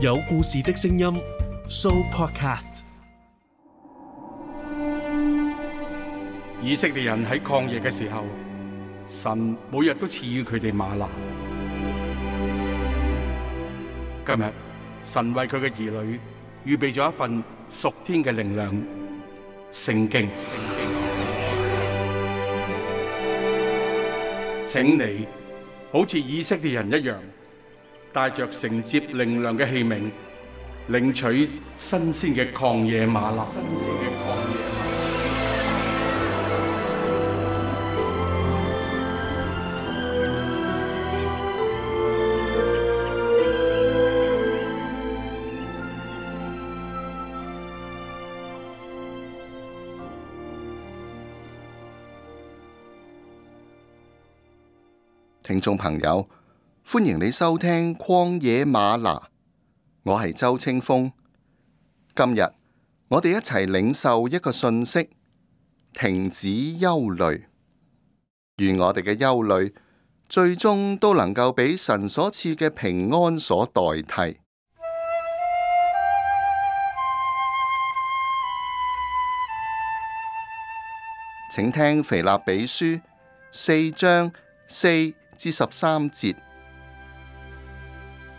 有故事的聲音，So Podcast。以色列人喺曠野嘅時候，神每日都賜予佢哋嗎哪。今日神為佢嘅兒女預備咗一份屬天嘅靈糧，聖經。請你好似以色列人一樣。帶着承接靈糧嘅器皿，領取新鮮嘅曠野嗎哪。聽眾朋友。歡迎你收聽《曠野嗎哪》，我係周清風。今日我哋一齊領受一個訊息，停止憂慮，願我哋嘅憂慮最終都能夠俾神所賜嘅平安所代替。請聽《腓立比書》四章四至十三節。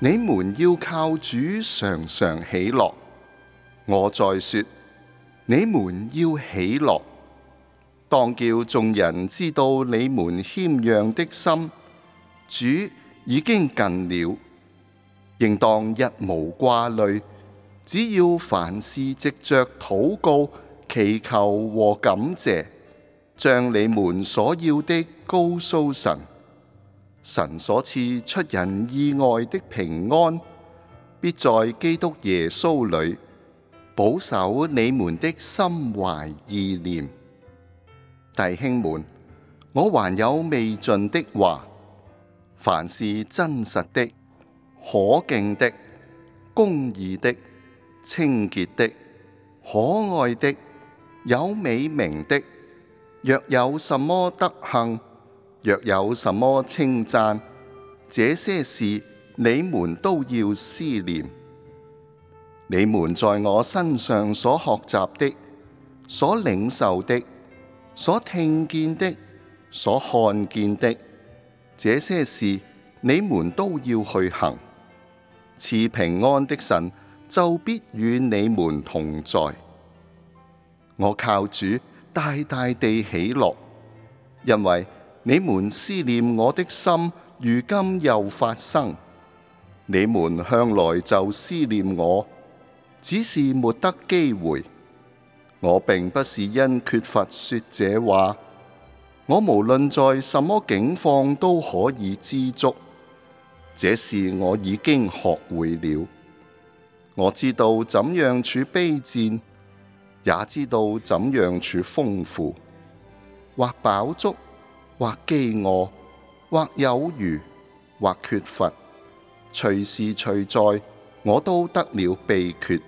你們要靠主常常喜樂，我再說，你們要喜樂，當叫眾人知道你們謙讓的心。主已經近了，應當一無掛慮，只要凡事藉着禱告、祈求和感謝，將你們所要的告訴神。神所賜出人意外的平安，必在基督耶穌裏保守你們的心懷意念。弟兄們，我還有未盡的話：凡事真實的、可敬的、公義的、清潔的、可愛的、有美名的，若有什麼德行，若有什麼稱讚，這些事你們都要思念；你們在我身上所學習的、所領受的、所聽見的、所看見的，這些事你們都要去行。賜平安的神就必與你們同在。我靠主大大地喜樂，因為。你們思念我的心，如今又發生。你們向來就思念我，只是沒得機會。我並不是因缺乏說這話，我無論在什麼境況都可以知足。這是我已經學會了。我知道怎樣處卑賤，也知道怎樣處豐富或飽足，或飢餓，或有餘，或缺乏，隨時隨在，我都得了秘訣，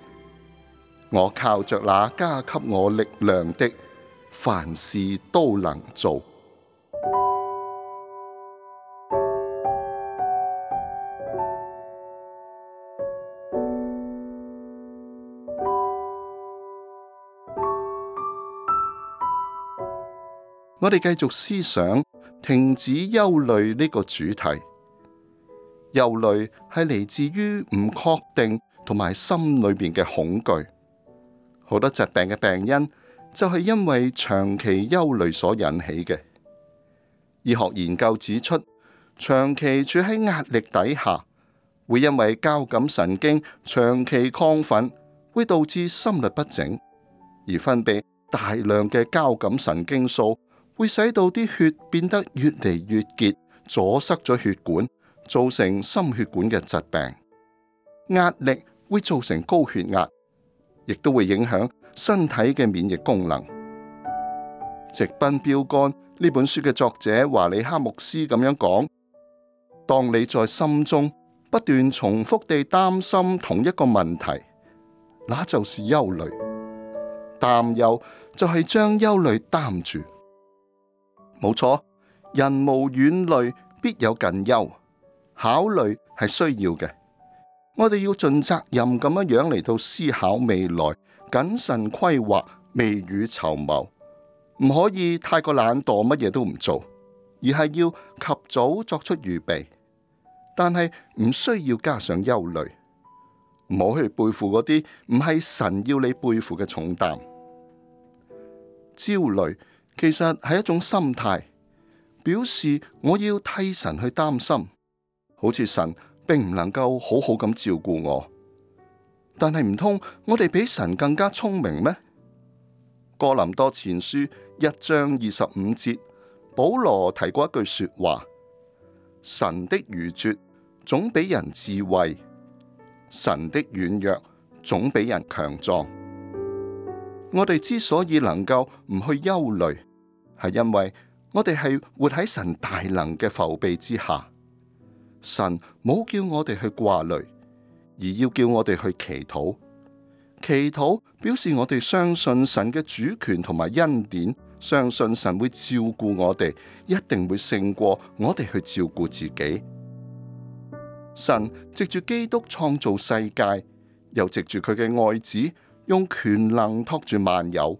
我靠着那加給我力量的，凡事都能做。我哋繼續思想，停止憂慮呢個主題。憂慮係嚟自於唔確定同埋心裏面嘅恐懼。好多疾病嘅病因就係因為長期憂慮所引起嘅。醫學研究指出，長期處喺壓力底下，會因為交感神經長期亢奮，會導致心率不整，而分泌大量嘅交感神經素。會使到啲血變得越嚟越結，阻塞咗血管，造成心血管嘅疾病。壓力會造成高血壓，亦都會影響身體嘅免疫功能。《直奔標杆》呢本書嘅作者華理克牧師咁樣講：當你在心中不斷重複地擔心同一個問題，那就是憂慮。擔憂就係將憂慮擔住。冇錯，人無遠慮，必有近憂。考慮係需要嘅，我哋要盡責任咁樣樣嚟到思考未來，謹慎規劃，未雨綢繆，唔可以太過懶惰，乜嘢都唔做，而係要及早作出預備。但係唔需要加上憂慮，唔好去背負嗰啲唔係神要你背負嘅重擔，焦慮，其實係一種心態，表示我要替神去擔心，好似神並唔能夠好好咁照顧我。但係唔通我哋比神更加聰明咩？哥林多前書一章二十五節，保羅提過一句說話：神的愚拙總比人智慧，神的軟弱總比人強壯。我哋之所以能夠唔去憂慮。係因為我哋係活喺神大能嘅覆庇之下，神冇叫我哋去掛慮，而要叫我哋去祈禱。祈禱表示我哋相信神嘅主權同埋恩典，相信神會照顧我哋，一定會勝過我哋去照顧自己。神藉住基督創造世界，又藉住佢嘅愛子，用權能托住萬有，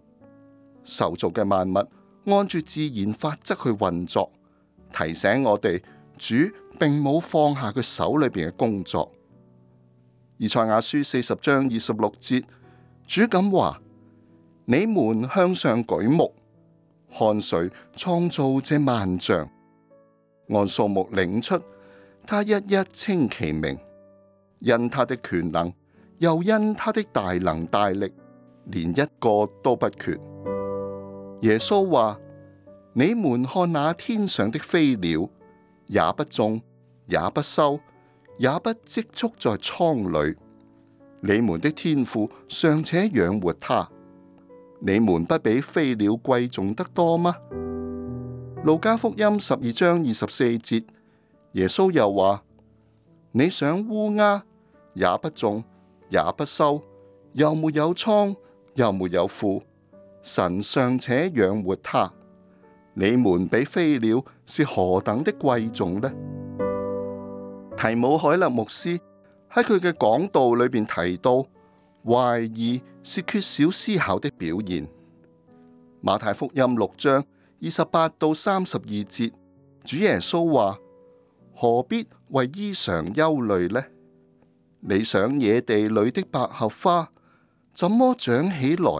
受造嘅萬物。按住自然法則去運作，提醒我哋主並冇放下佢手裏邊嘅工作。以賽亞書四十章二十六節，主咁話：你們向上舉目，看誰創造這萬象，按數目領出，他一一稱其名，因他的權能，又因他的大能大力，連一個都不缺。耶穌話：你們看那天上的飛鳥，也不種也不收，也不積蓄在倉裏，你們的天父尚且養活它，你們不比飛鳥貴重得多嗎？路加福音十二章二十四節，耶穌又話：你想烏鴉也不種也不收，又沒有倉，又沒有庫。神尚且養活他，你們比飛鳥是何等的貴重呢？提姆海勒牧師喺佢嘅講道裏邊提到，懷疑是缺少思考的表現。馬太福音六章二十八到三十二節，主耶穌話：何必為衣裳憂慮呢？你想野地裏的百合花，怎麼長起來？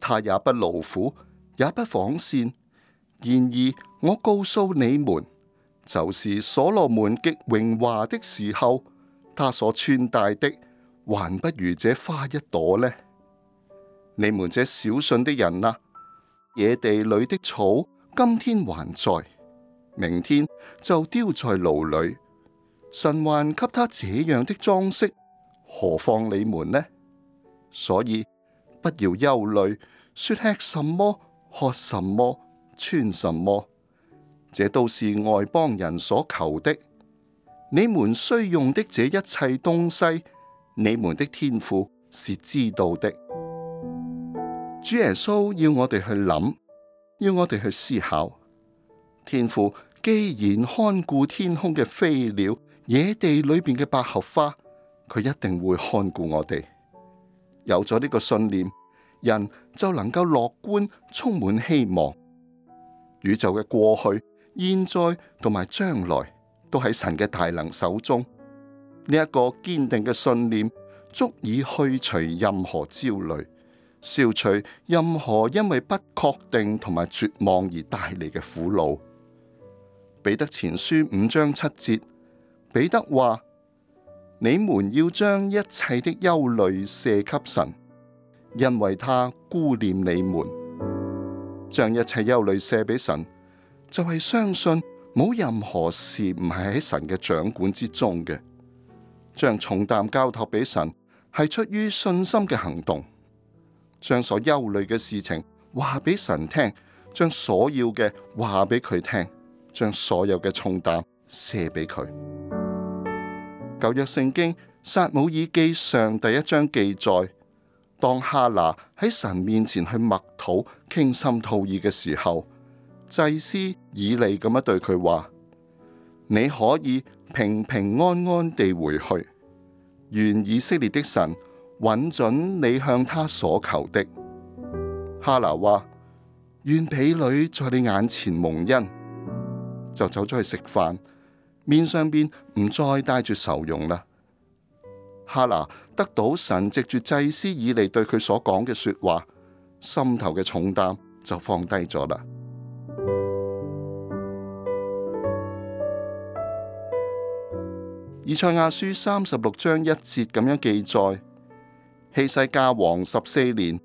他也不勞苦，也不紡線。然而我告訴你們，就是所羅門極榮華的時候，他所穿戴的，還不如這花一朵呢。你們這小信的人啊，野地裏的草，今天還在，明天就丟在爐裏。神還給他這樣的裝飾，何況你們呢？所以，不要憂慮，說吃什麼、喝什麼、穿什麼，這都是外邦人所求的。你們需用的這一切東西，你們的天父是知道的。主耶穌要我哋去諗，要我哋去思考。天父既然看顧天空嘅飛鳥、野地裏邊嘅百合花，佢一定會看顧我哋。有咗呢個信念，人就能夠樂觀，充滿希望。宇宙嘅過去、現在同埋將來，都喺神嘅大能手中。呢一個堅定嘅信念，足以去除任何焦慮，消除任何因為不確定同埋絕望而帶嚟嘅苦惱。彼得前書五章七節，彼得話：你們要將一切的憂慮卸給神，因為他顧念你們。將一切憂慮卸俾神，就係相信冇任何事唔係喺神嘅掌管之中嘅。將重擔交託俾神，係出於信心嘅行動。將所憂慮嘅事情話俾神聽，將所要嘅話俾佢聽，將所有嘅重擔卸俾佢。舊約聖經撒母耳記上第一章記載，當哈拿喺神面前去默禱傾心吐意嘅時候，祭司以利咁樣對佢話：，你可以平平安安地回去，願以色列的神允准你向他所求的。哈拿話：，願婢女在你眼前蒙恩，就走咗去食飯。面上邊唔再帶住愁容啦。哈拿得到神藉住祭司以利對佢所講嘅說話，心頭嘅重擔就放低咗啦。以賽亞書三十六章一節咁樣記載：，希西家王十四年，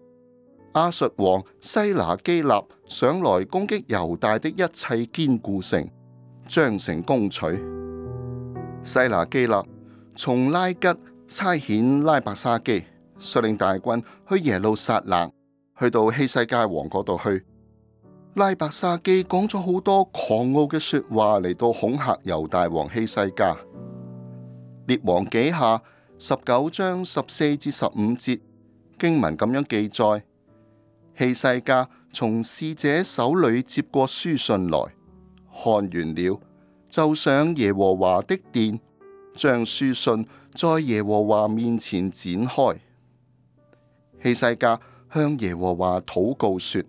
亞述王西拿基立上來攻擊猶大的一切堅固城。將城攻取，西拿基立從拉吉差遣拉伯沙基率領大軍去耶路撒冷，去到希西家王嗰度去。拉伯沙基講咗好多狂傲嘅說話嚟到恐嚇猶大王希西家。列王紀下十九章十四至十五節經文咁樣記載，希西家從侍者手裏接過書信來。看完了，就上耶和華的殿，將書信在耶和華面前展開。希西家向耶和華禱告說：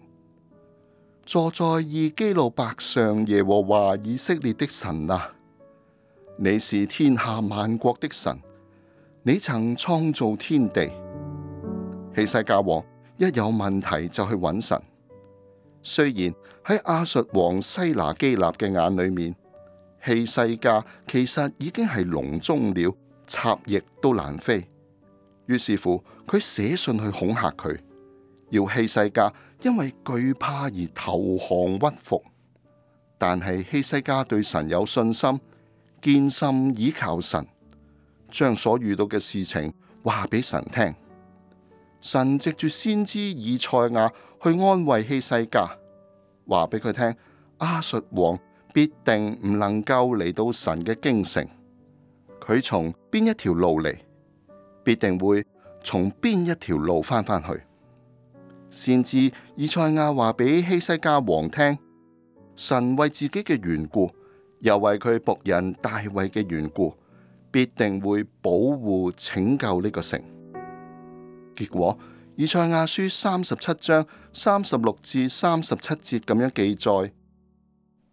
坐在二基路伯上，耶和華以色列的神啊，你是天下萬國的神，你曾創造天地。希西家王一有問題就去揾神。雖然喺亞述王西拿基立嘅眼裏面，希西家其實已經係籠中鳥，插翼都難飛。於是乎，佢寫信去恐吓佢，要希西家因為懼怕而投降屈服。但係希西家對神有信心，堅心倚靠神，將所遇到嘅事情話俾神聽。神藉住先知以賽亞去安慰希西家，話俾佢聽：亞述王必定唔能夠嚟到神嘅京城，佢從邊一條路嚟，必定會從邊一條路翻返去。先知以賽亞話俾希西家王聽：神為自己嘅緣故，又為佢僕人大衛嘅緣故，必定會保護拯救呢個城。結果以賽亞書三十七章三十六至三十七節咁樣記載：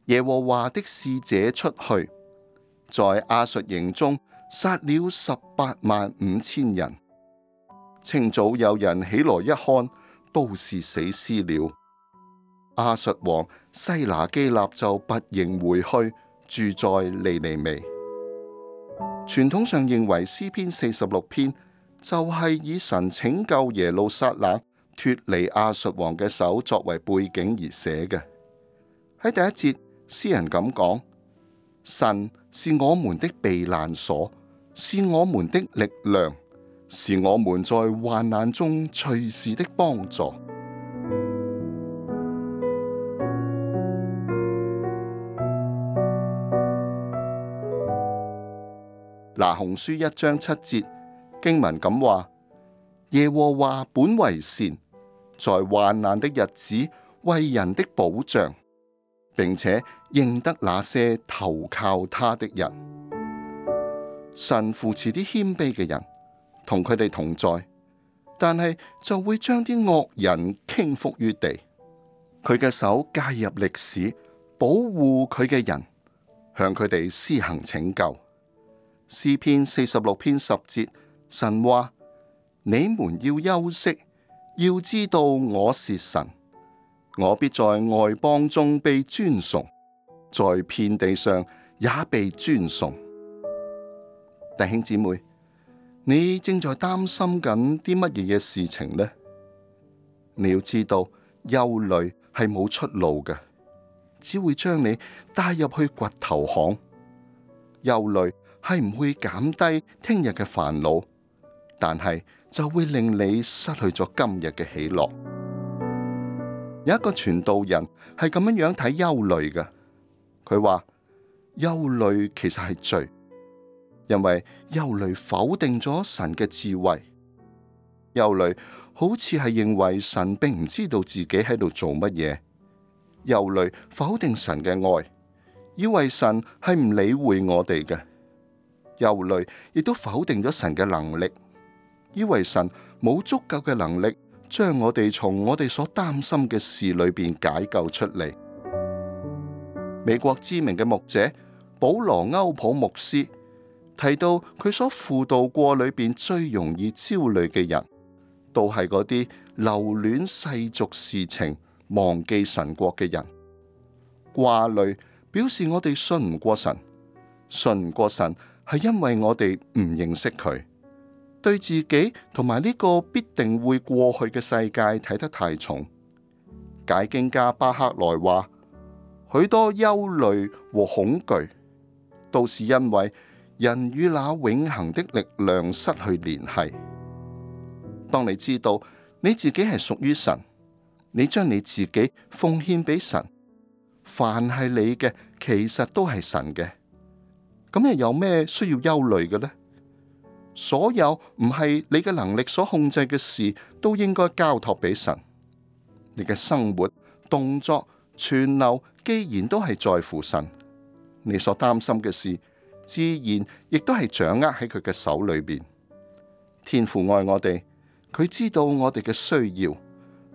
耶和華的使者出去，在亞述營中殺了十八萬五千人。清早有人起來一看，都是死屍了。亞述王西拿基立就不認回去，住在尼尼微。傳統上認為詩篇四十六篇。就係、是、以神拯救耶路撒冷脱離亞述王嘅手作為背景而寫嘅。喺第一節，詩人咁講：神是我們的避難所，是我們的力量，是我們在患難中隨時的幫助。嗱，紅書一章七節。經文咁話：耶和華本為善，在患難的日子為人的保障，並且認得那些投靠他的人。神扶持啲謙卑嘅人，同佢哋同在，但係就會將啲惡人傾覆於地。佢嘅手介入歷史，保護佢嘅人，向佢哋施行拯救。詩篇四十六篇十節。神話你們要休息，要知道我是神，我必在外邦中被尊崇，在遍地上也被尊崇。弟兄姊妹，你正在擔心緊啲乜嘢嘅事情呢？你要知道，憂慮係冇出路嘅，只會將你帶入去掘頭巷。憂慮係唔會減低聽日嘅煩惱。但係就會令你失去咗今日嘅喜樂。有一個傳道人係咁樣樣睇憂慮嘅，佢話憂慮其實係罪，因為憂慮否定咗神嘅智慧。憂慮好似係認為神並唔知道自己喺度做乜嘢，憂慮否定神嘅愛，以為神係唔理會我哋嘅。憂慮亦都否定咗神嘅能力。以為神冇足夠嘅能力將我哋從我哋所擔心嘅事裏邊解救出嚟。美國知名嘅牧者保羅歐普牧師提到，佢所輔導過裏邊最容易焦慮嘅人，都係嗰啲留戀世俗事情、忘記神國嘅人。掛慮表示我哋信唔過神，信唔過神係因為我哋唔認識佢。對自己同埋呢個必定會過去嘅世界睇得太重。解經家巴克來話，許多憂慮和恐懼，都是因為人與那永恆的力量失去聯繫。當你知道你自己係屬於神，你將你自己奉獻俾神，凡係你嘅，其實都係神嘅。咁又有咩需要憂慮嘅呢？所有唔係你嘅能力所控制嘅事，都應該交託俾神。你嘅生活、動作、存留，既然都係在乎神，你所擔心嘅事，自然亦都係掌握喺佢嘅手裏邊。天父愛我哋，佢知道我哋嘅需要，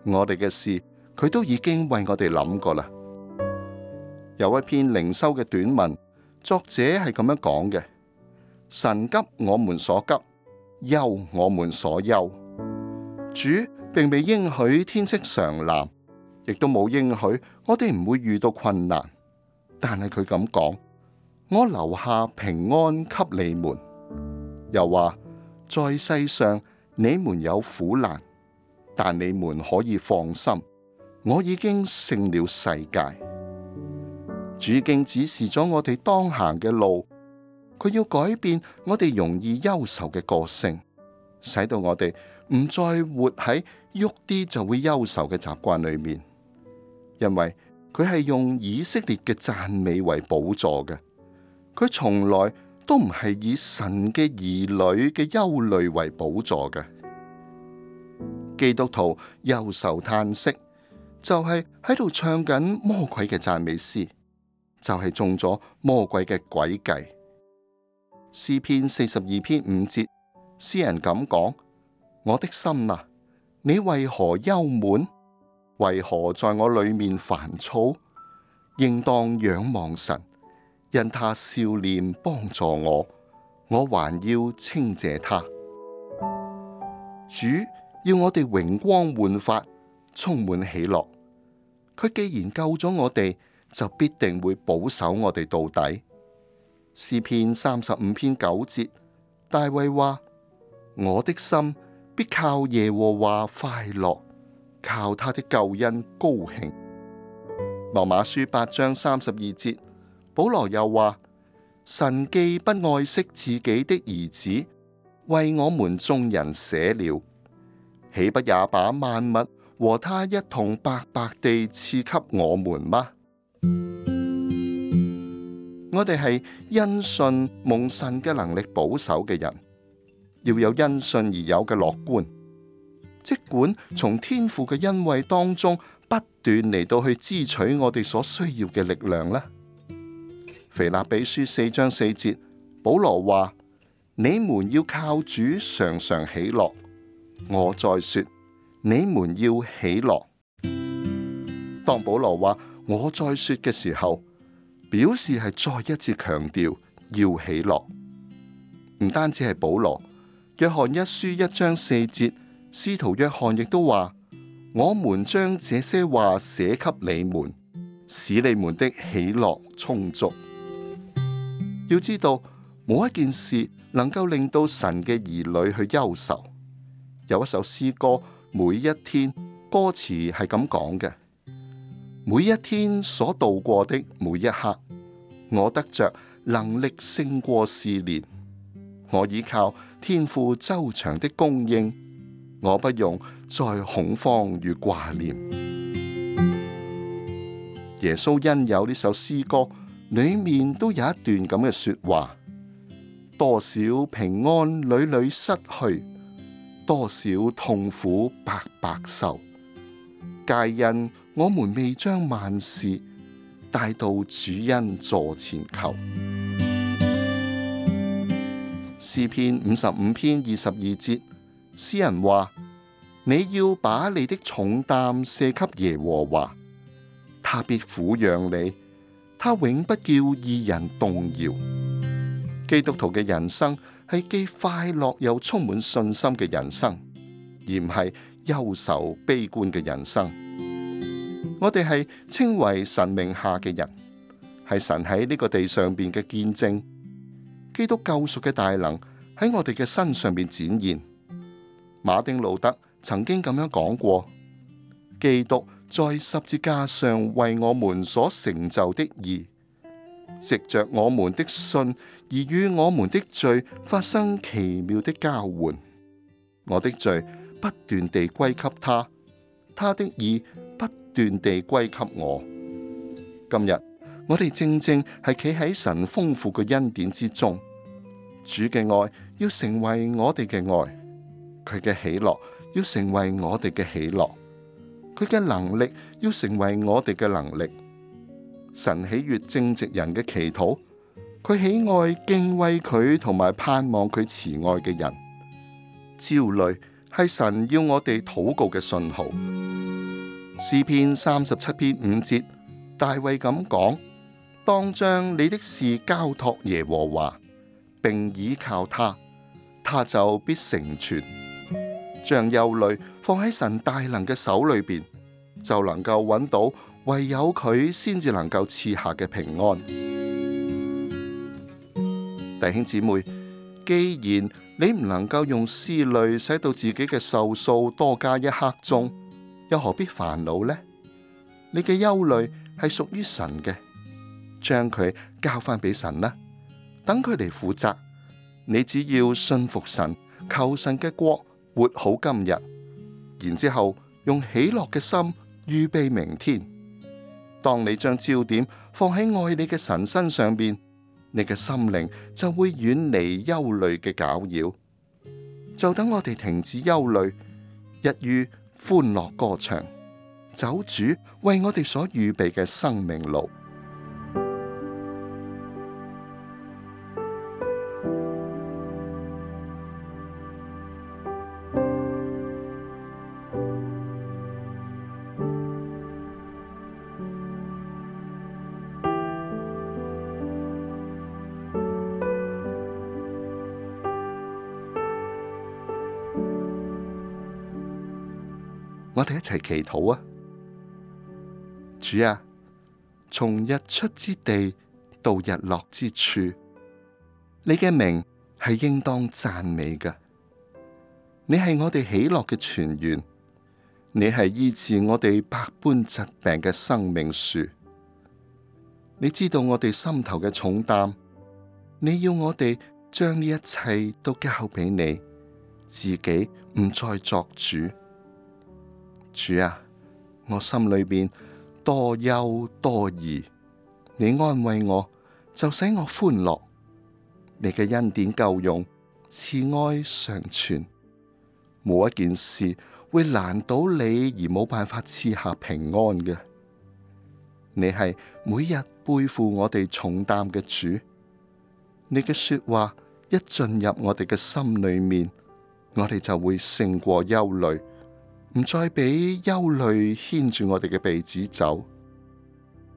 我哋嘅事，佢都已經為我哋諗過啦。有一篇靈修嘅短文，作者係咁樣講嘅。神急我們所急，憂我們所憂。主並未應許天色常藍，亦都冇應許我哋唔會遇到困難。但係佢咁講，我留下平安給你們。又話在世上你們有苦難，但你們可以放心，我已經勝了世界。主敬指示咗我哋當行嘅路。佢要改變我哋容易憂愁嘅個性，使到我哋唔再活喺喐啲就會憂愁嘅習慣裏面。因為佢係用以色列嘅讚美為寶座嘅，佢從來都唔係以神嘅兒女嘅憂慮為寶座嘅。基督徒憂愁嘆息，就係喺度唱緊魔鬼嘅讚美詩，就係、是、中咗魔鬼嘅詭計。詩篇四十二篇五節，詩人咁講：我的心啊，你為何憂悶？為何在我裏面煩躁？應當仰望神，因他笑臉幫助我，我還要稱謝他。主要我哋容光煥發，充滿喜樂。佢既然救咗我哋，就必定會保守我哋到底。詩篇三十五篇九節，大衛話：我的心必靠耶和華快樂，靠他的救恩高興。羅馬書八章三十二節，保羅又話：神既不愛惜自己的兒子，為我們眾人捨了，豈不也把萬物和他一同白白地賜給我們嗎？我哋係因信蒙神嘅能力保守嘅人，要有因信而有嘅樂觀，即管從天父嘅恩惠當中不斷嚟到去支取我哋所需要嘅力量呢。腓立比書四章四節，保羅話：你們要靠主常常喜樂。我再說，你們要喜樂。當保羅話我再說嘅時候。表示係再一次強調要喜樂，唔單止係保羅、約翰一書一章四節，司徒約翰亦都話：我們將這些話寫給你們，使你們的喜樂充足。要知道，冇一件事能夠令到神嘅兒女去憂愁。有一首詩歌，每一天歌詞係咁講嘅：每一天所度過的每一刻。我得着能力勝過試煉。我依靠天父周長的供應，我不用再恐慌與掛念。 耶穌恩友呢首詩歌，裏面都有一段咁嘅說話：多少平安屢屢失去，多少痛苦白白受，皆因我們未將萬事。帶到主恩座前求，詩篇五十五篇二十二節，詩人話：你要把你的重擔卸給耶和華，他必撫養你，他永不叫義人動搖。基督徒嘅人生係既快樂又充滿信心嘅人生，而唔係憂愁悲觀嘅人生。我哋係稱為神名下嘅人，係神喺呢個地上邊嘅見證。基督救贖嘅大能喺我哋嘅身上邊展現。馬丁路德曾經咁樣講過：基督在十字架上為我們所成就的義，藉着我們的信而與我們的罪發生奇妙的交換。我的罪不斷地歸給他，他的義。斷地歸給我。今日我哋正正係企喺神豐富嘅恩典之中，主嘅愛要成為我哋嘅愛，佢嘅喜樂要成為我哋嘅喜樂，佢嘅能力要成為我哋嘅能力。神喜悅正直人嘅祈禱，佢喜愛敬畏佢同埋盼望佢慈愛嘅人。焦慮係神要我哋禱告嘅信號。詩篇三十七篇五節，大衛咁講：當將你的事交託耶和華，並倚靠他，他就必成全。將憂慮放喺神大能嘅手裏邊，就能夠揾到唯有佢先至能夠賜下嘅平安。弟兄姊妹，既然你唔能夠用思慮使到自己嘅壽數多加一刻鐘。又何必煩惱呢？你嘅憂慮係屬於神嘅，將佢交翻俾神啦，等佢嚟負責。你只要信服神，求神嘅國活好今日，然之後用喜樂嘅心預備明天。當你將焦點放喺愛你嘅神身上邊，你嘅心靈就會遠離憂慮嘅攪擾。就等我哋停止憂慮，日遇。歡樂歌唱，走主為我哋所預備嘅生命路。係祈禱啊！主啊，從日出之地到日落之處，你嘅名係應當讚美㗎。你係我哋喜樂嘅泉源，你係醫治我哋百般疾病嘅生命樹。你知道我哋心頭嘅重擔，你要我哋將呢一切都交俾你，自己唔再作主。主啊，我心裏面多憂多疑，你安慰我，就使我歡樂。你嘅恩典夠用，慈愛常存，冇一件事會難倒你而冇辦法賜下平安嘅。你係每日背負我哋重擔嘅主，你嘅說話一進入我哋嘅心裏面，我哋就會勝過憂慮。唔再俾憂慮牽住我哋嘅鼻子走，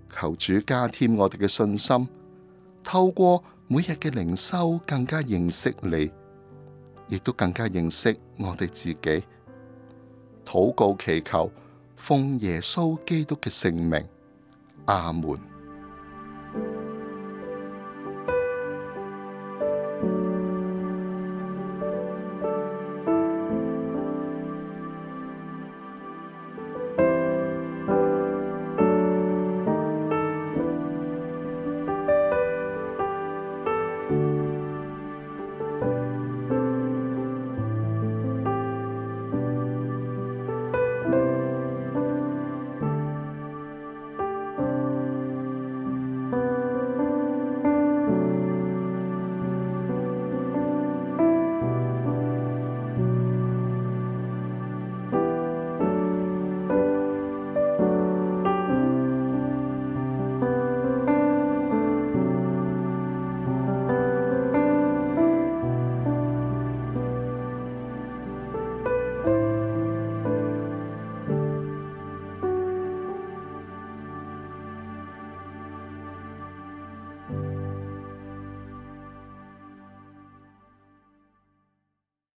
求主加添我哋嘅信心，透過每日嘅靈修更加認識你，亦都更加認識我哋自己。禱告祈求，奉耶穌基督嘅聖名，阿門。